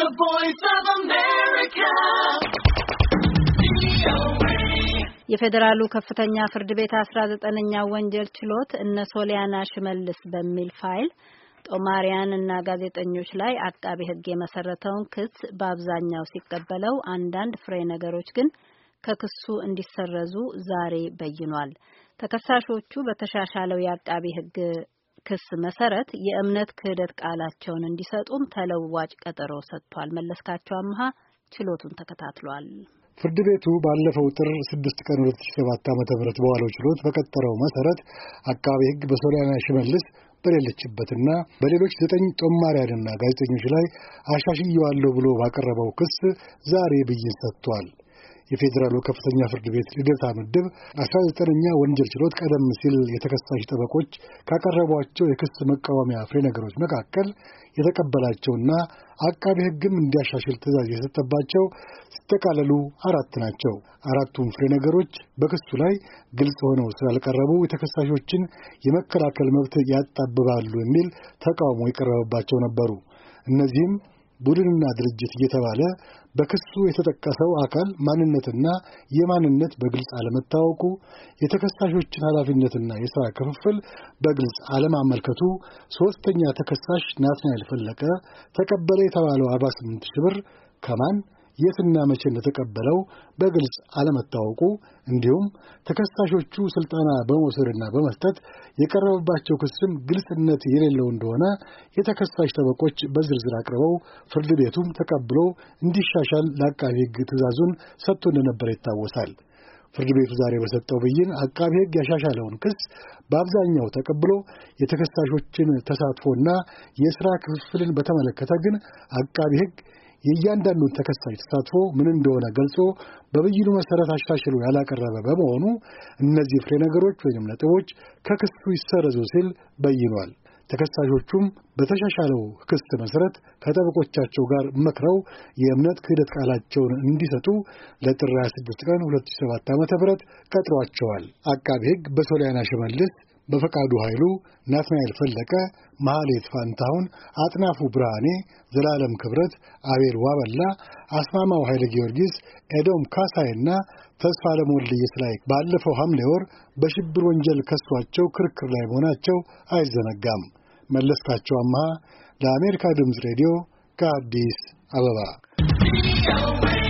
The Voice of America. የፌዴራሉ ከፍተኛ ፍርድ ቤት አስራ ዘጠነኛ ወንጀል ችሎት እነ ሶሊያና ሽመልስ በሚል ፋይል ጦማሪያን እና ጋዜጠኞች ላይ አቃቢ ሕግ የመሰረተውን ክስ በአብዛኛው ሲቀበለው አንዳንድ ፍሬ ነገሮች ግን ከክሱ እንዲሰረዙ ዛሬ በይኗል። ተከሳሾቹ በተሻሻለው የአቃቢ ሕግ ክስ መሰረት የእምነት ክህደት ቃላቸውን እንዲሰጡም ተለዋጭ ቀጠሮ ሰጥቷል። መለስካቸው አምሃ ችሎቱን ተከታትሏል። ፍርድ ቤቱ ባለፈው ጥር ስድስት ቀን 2007 ዓ.ም በዋለው ችሎት በቀጠረው መሰረት አቃቤ ሕግ በሶሊያና ሽመልስ በሌለችበትና በሌሎች ዘጠኝ ጦማሪያንና ጋዜጠኞች ላይ አሻሽየዋለሁ ብሎ ባቀረበው ክስ ዛሬ ብይን ሰጥቷል። የፌዴራሉ ከፍተኛ ፍርድ ቤት ልደታ ምድብ አስራ ዘጠነኛ ወንጀል ችሎት ቀደም ሲል የተከሳሽ ጠበቆች ካቀረቧቸው የክስ መቃወሚያ ፍሬ ነገሮች መካከል የተቀበላቸውና አቃቢ ሕግም እንዲያሻሽል ትእዛዝ የሰጠባቸው ሲጠቃለሉ አራት ናቸው። አራቱም ፍሬ ነገሮች በክሱ ላይ ግልጽ ሆነው ስላልቀረቡ የተከሳሾችን የመከላከል መብት ያጣብባሉ የሚል ተቃውሞ የቀረበባቸው ነበሩ። እነዚህም ቡድንና ድርጅት እየተባለ በክሱ የተጠቀሰው አካል ማንነትና የማንነት በግልጽ አለመታወቁ፣ የተከሳሾችን ኃላፊነትና የሥራ ክፍፍል በግልጽ አለማመልከቱ፣ ሦስተኛ ተከሳሽ ናትናኤል ፈለቀ ተቀበለ የተባለው 48 ሺህ ብር ከማን የትና መቼ እንደተቀበለው በግልጽ አለመታወቁ እንዲሁም ተከሳሾቹ ስልጠና በመውሰድና በመስጠት የቀረበባቸው ክስም ግልጽነት የሌለው እንደሆነ የተከሳሽ ጠበቆች በዝርዝር አቅርበው ፍርድ ቤቱም ተቀብሎ እንዲሻሻል ለአቃቢ ሕግ ትዕዛዙን ሰጥቶ እንደነበረ ይታወሳል። ፍርድ ቤቱ ዛሬ በሰጠው ብይን አቃቢ ሕግ ያሻሻለውን ክስ በአብዛኛው ተቀብሎ የተከሳሾችን ተሳትፎና የሥራ ክፍፍልን በተመለከተ ግን አቃቢ ሕግ የእያንዳንዱን ተከሳሽ ተሳትፎ ምን እንደሆነ ገልጾ በብይኑ መሰረት አሻሽሎ ያላቀረበ በመሆኑ እነዚህ ፍሬ ነገሮች ወይም ነጥቦች ከክሱ ይሰረዙ ሲል በይኗል። ተከሳሾቹም በተሻሻለው ክስ መሰረት ከጠበቆቻቸው ጋር መክረው የእምነት ክህደት ቃላቸውን እንዲሰጡ ለጥር 26 ቀን 2007 ዓ.ም ቀጥሯቸዋል። አቃቤ ሕግ በሶሊያና ሽመልስ በፈቃዱ ኃይሉ፣ ናትናኤል ፈለቀ፣ መሐሌት ፋንታሁን፣ አጥናፉ ብርሃኔ፣ ዘላለም ክብረት፣ አቤል ዋበላ፣ አስማማው ኃይለ ጊዮርጊስ፣ ኤዶም ካሳይና ተስፋ ለሞልድየስ ላይ ባለፈው ሐምሌ ወር በሽብር ወንጀል ከሷቸው ክርክር ላይ መሆናቸው አይዘነጋም። መለስካቸው አመሃ ለአሜሪካ ድምፅ ሬዲዮ ከአዲስ አበባ